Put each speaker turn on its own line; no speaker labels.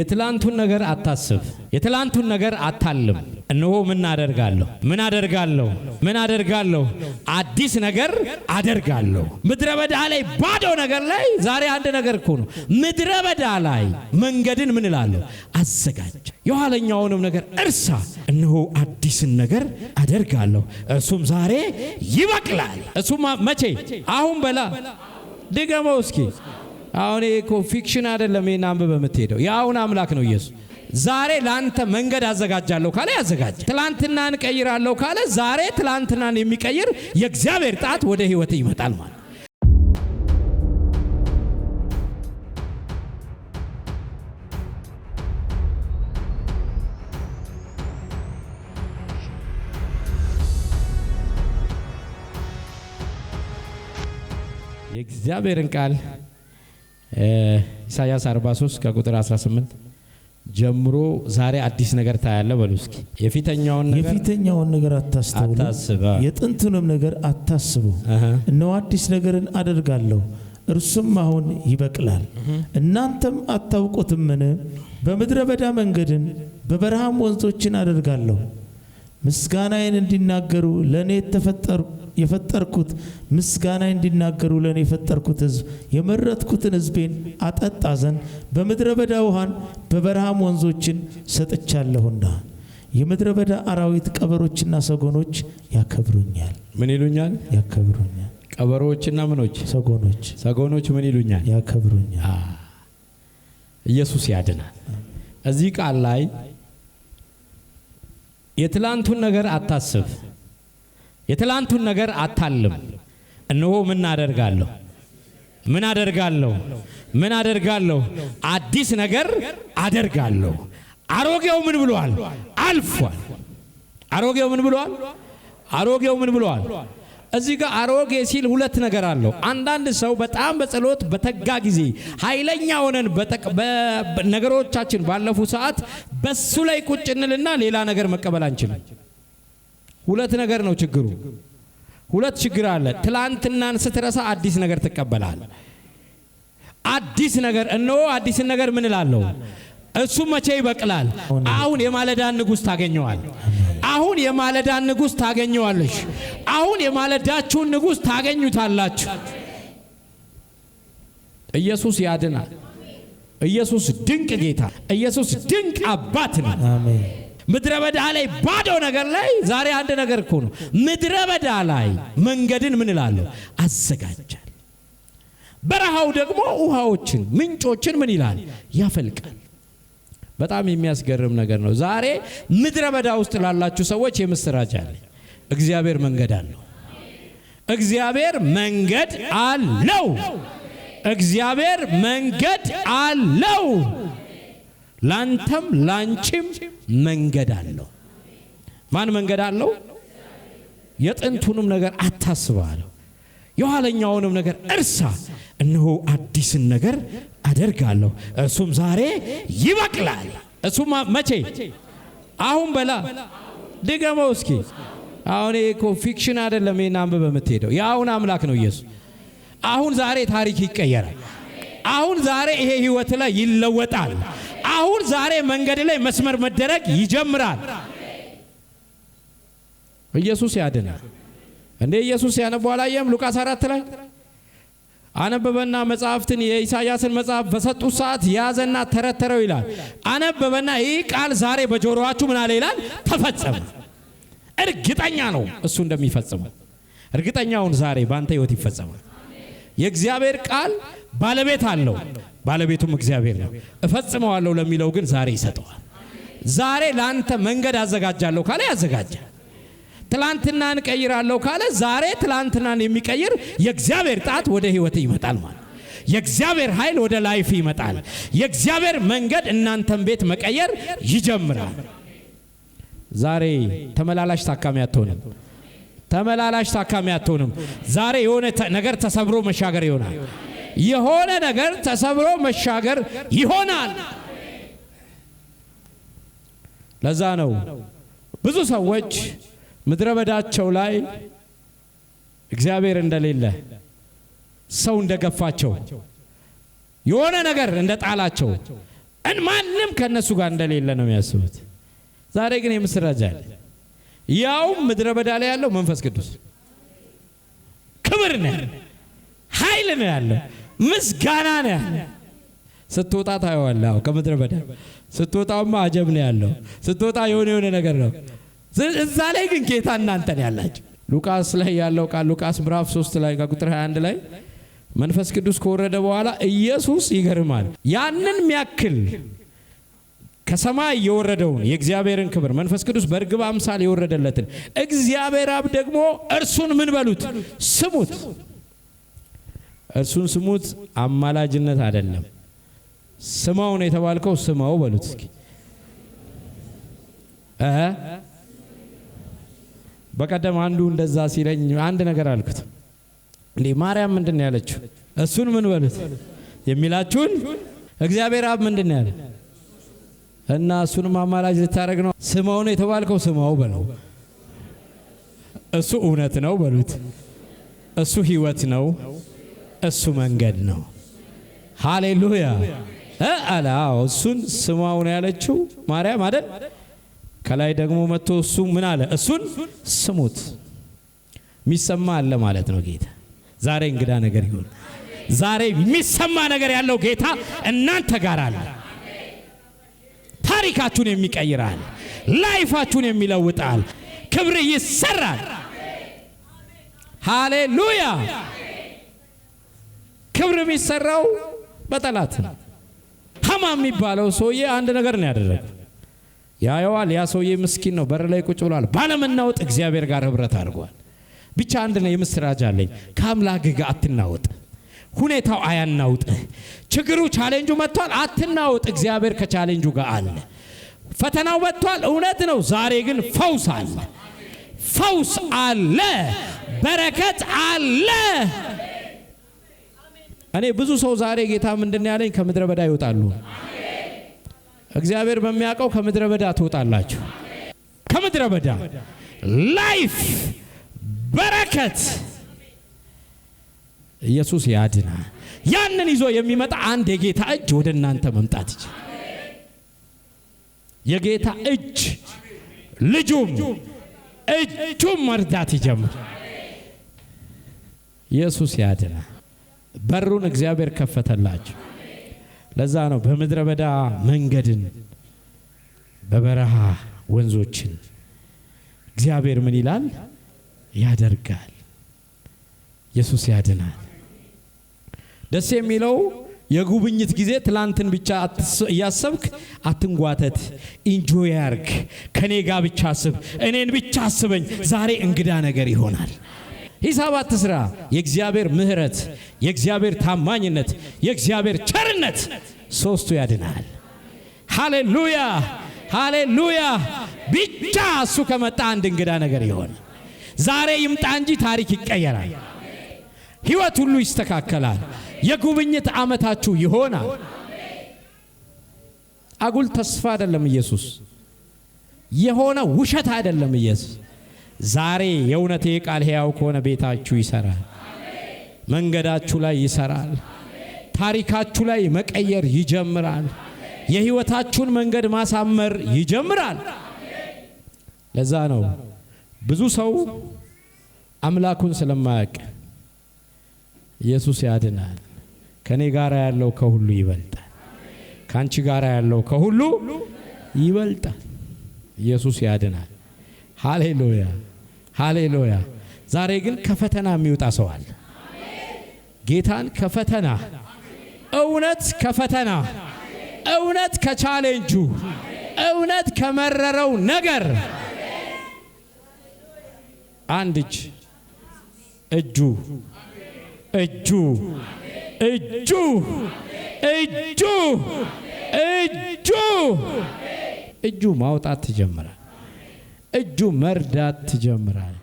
የትላንቱን ነገር አታስብ። የትላንቱን ነገር አታልም። እነሆ ምን አደርጋለሁ፣ ምን አደርጋለሁ፣ ምን አደርጋለሁ፣ አዲስ ነገር አደርጋለሁ። ምድረ በዳ ላይ ባዶ ነገር ላይ ዛሬ አንድ ነገር እኮ ነው። ምድረ በዳ ላይ መንገድን ምን እላለሁ አዘጋጅ፣ የኋለኛውንም ነገር እርሳ። እነሆ አዲስን ነገር አደርጋለሁ፣ እርሱም ዛሬ ይበቅላል። እሱም መቼ? አሁን በላ ድገመው እስኪ አሁን ይሄ እኮ ፊክሽን አይደለም። ይሄን አንብ በምትሄደው የአሁን አምላክ ነው ኢየሱስ። ዛሬ ላንተ መንገድ አዘጋጃለሁ ካለ ያዘጋጅ። ትላንትናን ቀይራለሁ ካለ ዛሬ ትላንትናን የሚቀይር የእግዚአብሔር ጣት ወደ ህይወት ይመጣል ማለት የእግዚአብሔርን ቃል ኢሳያስ 43 ከቁጥር 18 ጀምሮ ዛሬ አዲስ ነገር ታያለ በሉ እስኪ። የፊተኛውን
ነገር የፊተኛውን ነገር አታስተውሉ፣ የጥንቱንም ነገር አታስቡ። እነሆ አዲስ ነገርን አደርጋለሁ እርሱም አሁን ይበቅላል፣ እናንተም አታውቁትምን? በምድረ በዳ መንገድን በበረሃም ወንዞችን አደርጋለሁ ምስጋናዬን እንዲናገሩ ለእኔ የፈጠርኩት ምስጋና እንዲናገሩ ለእኔ የፈጠርኩት ህዝብ የመረጥኩትን ህዝቤን አጠጣ ዘንድ በምድረ በዳ ውሃን በበረሃም ወንዞችን ሰጥቻለሁና የምድረ በዳ አራዊት ቀበሮችና ሰጎኖች ያከብሩኛል። ምን ይሉኛል? ያከብሩኛል።
ቀበሮችና ምኖች ሰጎኖች ሰጎኖች ምን ይሉኛል?
ያከብሩኛል።
ኢየሱስ ያድናል። እዚህ ቃል ላይ የትላንቱን ነገር አታስብ፣ የትላንቱን ነገር አታልም። እነሆ ምን አደርጋለሁ፣ ምን አደርጋለሁ፣ ምን አደርጋለሁ፣ አዲስ ነገር አደርጋለሁ። አሮጌው ምን ብሏል? አልፏል። አሮጌው ምን ብሏል? አሮጌው ምን ብሏል? እዚህ ጋር አሮጌ ሲል ሁለት ነገር አለው። አንዳንድ ሰው በጣም በጸሎት በተጋ ጊዜ ኃይለኛ ሆነን ነገሮቻችን ባለፉ ሰዓት በሱ ላይ ቁጭ እንልና ሌላ ነገር መቀበል አንችልም። ሁለት ነገር ነው ችግሩ። ሁለት ችግር አለ። ትላንትናን ስትረሳ አዲስ ነገር ትቀበላል። አዲስ ነገር እነሆ አዲስን ነገር ምን እላለሁ እሱ መቼ ይበቅላል። አሁን የማለዳን ንጉሥ ታገኘዋል። አሁን የማለዳን ንጉሥ ታገኘዋለሽ። አሁን የማለዳችሁን ንጉሥ ታገኙታላችሁ። ኢየሱስ ያድናል። ኢየሱስ ድንቅ ጌታ፣ ኢየሱስ ድንቅ አባት ነው። ምድረ በዳ ላይ ባዶ ነገር ላይ ዛሬ አንድ ነገር እኮ ነው። ምድረ በዳ ላይ መንገድን ምን እላለሁ አዘጋጃል። በረሃው ደግሞ ውሃዎችን ምንጮችን ምን ይላል ያፈልቃል። በጣም የሚያስገርም ነገር ነው። ዛሬ ምድረ በዳ ውስጥ ላላችሁ ሰዎች የምስራች አለ። እግዚአብሔር መንገድ አለው። እግዚአብሔር መንገድ አለው። እግዚአብሔር መንገድ አለው። ላንተም ላንቺም መንገድ አለው። ማን መንገድ አለው? የጥንቱንም ነገር አታስባለሁ የኋለኛውንም ነገር እርሳ፣ እነሆ አዲስን ነገር አደርጋለሁ፣ እርሱም ዛሬ ይበቅላል። እሱማ መቼ? አሁን በላ። ድገመው እስኪ። አሁን እኮ ፊክሽን አይደለም። ይሄን አንብበ የምትሄደው የአሁን አምላክ ነው ኢየሱስ። አሁን ዛሬ ታሪክ ይቀየራል። አሁን ዛሬ ይሄ ህይወት ላይ ይለወጣል። አሁን ዛሬ መንገድ ላይ መስመር መደረግ ይጀምራል። ኢየሱስ ያድናል። እንዴ ኢየሱስ ያነበው አላየም? ሉቃስ አራት ላይ አነበበና መጽሐፍትን የኢሳያስን መጽሐፍ በሰጡት ሰዓት ያዘና ተረተረው ይላል። አነበበና ይህ ቃል ዛሬ በጆሮአችሁ ምን አለ ይላል? ተፈጸመ። እርግጠኛ ነው እሱ እንደሚፈጽመው። እርግጠኛውን ዛሬ በአንተ ህይወት ይፈጸማል። የእግዚአብሔር ቃል ባለቤት አለው፣ ባለቤቱም እግዚአብሔር ነው። እፈጽመዋለሁ ለሚለው ግን ዛሬ ይሰጠዋል። ዛሬ ለአንተ መንገድ አዘጋጃለሁ ካለ ያዘጋጃል። ትላንትናን ቀይራለሁ ካለ ዛሬ ትላንትናን የሚቀይር የእግዚአብሔር ጣት ወደ ህይወት ይመጣል ማለት የእግዚአብሔር ኃይል ወደ ላይፍ ይመጣል። የእግዚአብሔር መንገድ እናንተን ቤት መቀየር ይጀምራል። ዛሬ ተመላላሽ ታካሚ አትሆንም። ተመላላሽ ታካሚ አትሆንም። ዛሬ የሆነ ነገር ተሰብሮ መሻገር ይሆናል። የሆነ ነገር ተሰብሮ መሻገር ይሆናል። ለዛ ነው ብዙ ሰዎች ምድረ በዳቸው ላይ እግዚአብሔር እንደሌለ ሰው እንደገፋቸው የሆነ ነገር እንደጣላቸው ማንም ከእነሱ ጋር እንደሌለ ነው የሚያስቡት። ዛሬ ግን የምስራች አለ። ያውም ምድረ በዳ ላይ ያለው መንፈስ ቅዱስ ክብር ነው፣ ኃይል ነው ያለው፣ ምስጋና ነው ያለ ስትወጣ ታየዋለ ከምድረ በዳ ስትወጣውማ አጀብ ነው ያለው። ስትወጣ የሆነ የሆነ ነገር ነው እዛ ላይ ግን ጌታ እናንተን ያላችሁ ሉቃስ ላይ ያለው ቃል ሉቃስ ምዕራፍ 3 ላይ ከቁጥር 21 ላይ መንፈስ ቅዱስ ከወረደ በኋላ ኢየሱስ ይገርማል። ያንን ሚያክል ከሰማይ የወረደውን የእግዚአብሔርን ክብር መንፈስ ቅዱስ በርግብ አምሳል የወረደለትን እግዚአብሔር አብ ደግሞ እርሱን ምን በሉት ስሙት። እርሱን ስሙት አማላጅነት አይደለም። ስማው ነው የተባልከው፣ ስማው በሉት እስኪ በቀደም አንዱ እንደዛ ሲለኝ አንድ ነገር አልኩት። እንዴ ማርያም ምንድን ነው ያለችው? እሱን ምን በሉት የሚላችሁን እግዚአብሔር አብ ምንድን ነው ያለ እና እሱንም አማላጅ ልታደርግ ነው። ስማው ነው የተባልከው፣ ስማው በለው። እሱ እውነት ነው በሉት። እሱ ህይወት ነው። እሱ መንገድ ነው። ሃሌሉያ አላ እሱን ስማው ነው ያለችው ማርያም አይደል? ከላይ ደግሞ መጥቶ እሱ ምን አለ? እሱን ስሙት። የሚሰማ አለ ማለት ነው። ጌታ ዛሬ እንግዳ ነገር ይሁን። ዛሬ የሚሰማ ነገር ያለው ጌታ እናንተ ጋር አለ። ታሪካችሁን የሚቀይራል፣ ላይፋችሁን የሚለውጣል። ክብር ይሰራል። ሃሌሉያ! ክብር የሚሰራው በጠላት ነው። ሀማ የሚባለው ሰውዬ አንድ ነገር ነው ያደረገው ያየዋል። ያ ሰውዬ ምስኪን ነው፣ በር ላይ ቁጭ ብሏል። ባለመናወጥ እግዚአብሔር ጋር ህብረት አድርጓል። ብቻ አንድ ነው የምስራች አለኝ። ከአምላክ ጋር አትናወጥ። ሁኔታው አያናውጥህ። ችግሩ ቻሌንጁ መጥቷል፣ አትናወጥ። እግዚአብሔር ከቻሌንጁ ጋር አለ። ፈተናው መጥቷል፣ እውነት ነው። ዛሬ ግን ፈውስ አለ፣ ፈውስ አለ፣ በረከት አለ። እኔ ብዙ ሰው ዛሬ ጌታ ምንድን ያለኝ ከምድረ በዳ ይወጣሉ እግዚአብሔር በሚያውቀው ከምድረ በዳ ትወጣላችሁ። ከምድረ በዳ ላይፍ በረከት ኢየሱስ ያድና። ያንን ይዞ የሚመጣ አንድ የጌታ እጅ ወደ እናንተ መምጣት ይችላል። የጌታ እጅ ልጁም እጁም መርዳት ይጀምር። ኢየሱስ ያድና። በሩን እግዚአብሔር ከፈተላችሁ። ለዛ ነው በምድረ በዳ መንገድን በበረሃ ወንዞችን እግዚአብሔር ምን ይላል ያደርጋል። ኢየሱስ ያድናል። ደስ የሚለው የጉብኝት ጊዜ ትላንትን ብቻ እያሰብክ አትንጓተት። ኢንጆይ ያርግ። ከኔ ጋር ብቻ አስብ፣ እኔን ብቻ አስበኝ። ዛሬ እንግዳ ነገር ይሆናል። ሂሳብ አትስራ። የእግዚአብሔር ምሕረት፣ የእግዚአብሔር ታማኝነት፣ የእግዚአብሔር ቸርነት ሶስቱ ያድናል። ሃሌሉያ ሃሌሉያ። ብቻ እሱ ከመጣ አንድ እንግዳ ነገር ይሆን ዛሬ ይምጣ እንጂ ታሪክ ይቀየራል። ሕይወት ሁሉ ይስተካከላል። የጉብኝት ዓመታችሁ ይሆናል። አጉል ተስፋ አይደለም ኢየሱስ የሆነ ውሸት አይደለም ኢየሱስ ዛሬ የእውነቴ ቃል ሕያው ከሆነ ቤታችሁ ይሰራል፣ መንገዳችሁ ላይ ይሰራል፣ ታሪካችሁ ላይ መቀየር ይጀምራል፣ የሕይወታችሁን መንገድ ማሳመር ይጀምራል። ለዛ ነው ብዙ ሰው አምላኩን ስለማያውቅ ኢየሱስ ያድናል። ከኔ ጋር ያለው ከሁሉ ይበልጣል፣ ከአንቺ ጋር ያለው ከሁሉ ይበልጣል። ኢየሱስ ያድናል። ሃሌሉያ ሃሌሉያ። ዛሬ ግን ከፈተና የሚወጣ ሰው አለ። ጌታን ከፈተና እውነት ከፈተና እውነት ከቻሌንጁ እውነት ከመረረው ነገር አንድ እጅ እጁ እጁ እጁ እጁ እጁ እጁ ማውጣት ትጀምራል። እጁ መርዳት ትጀምራል።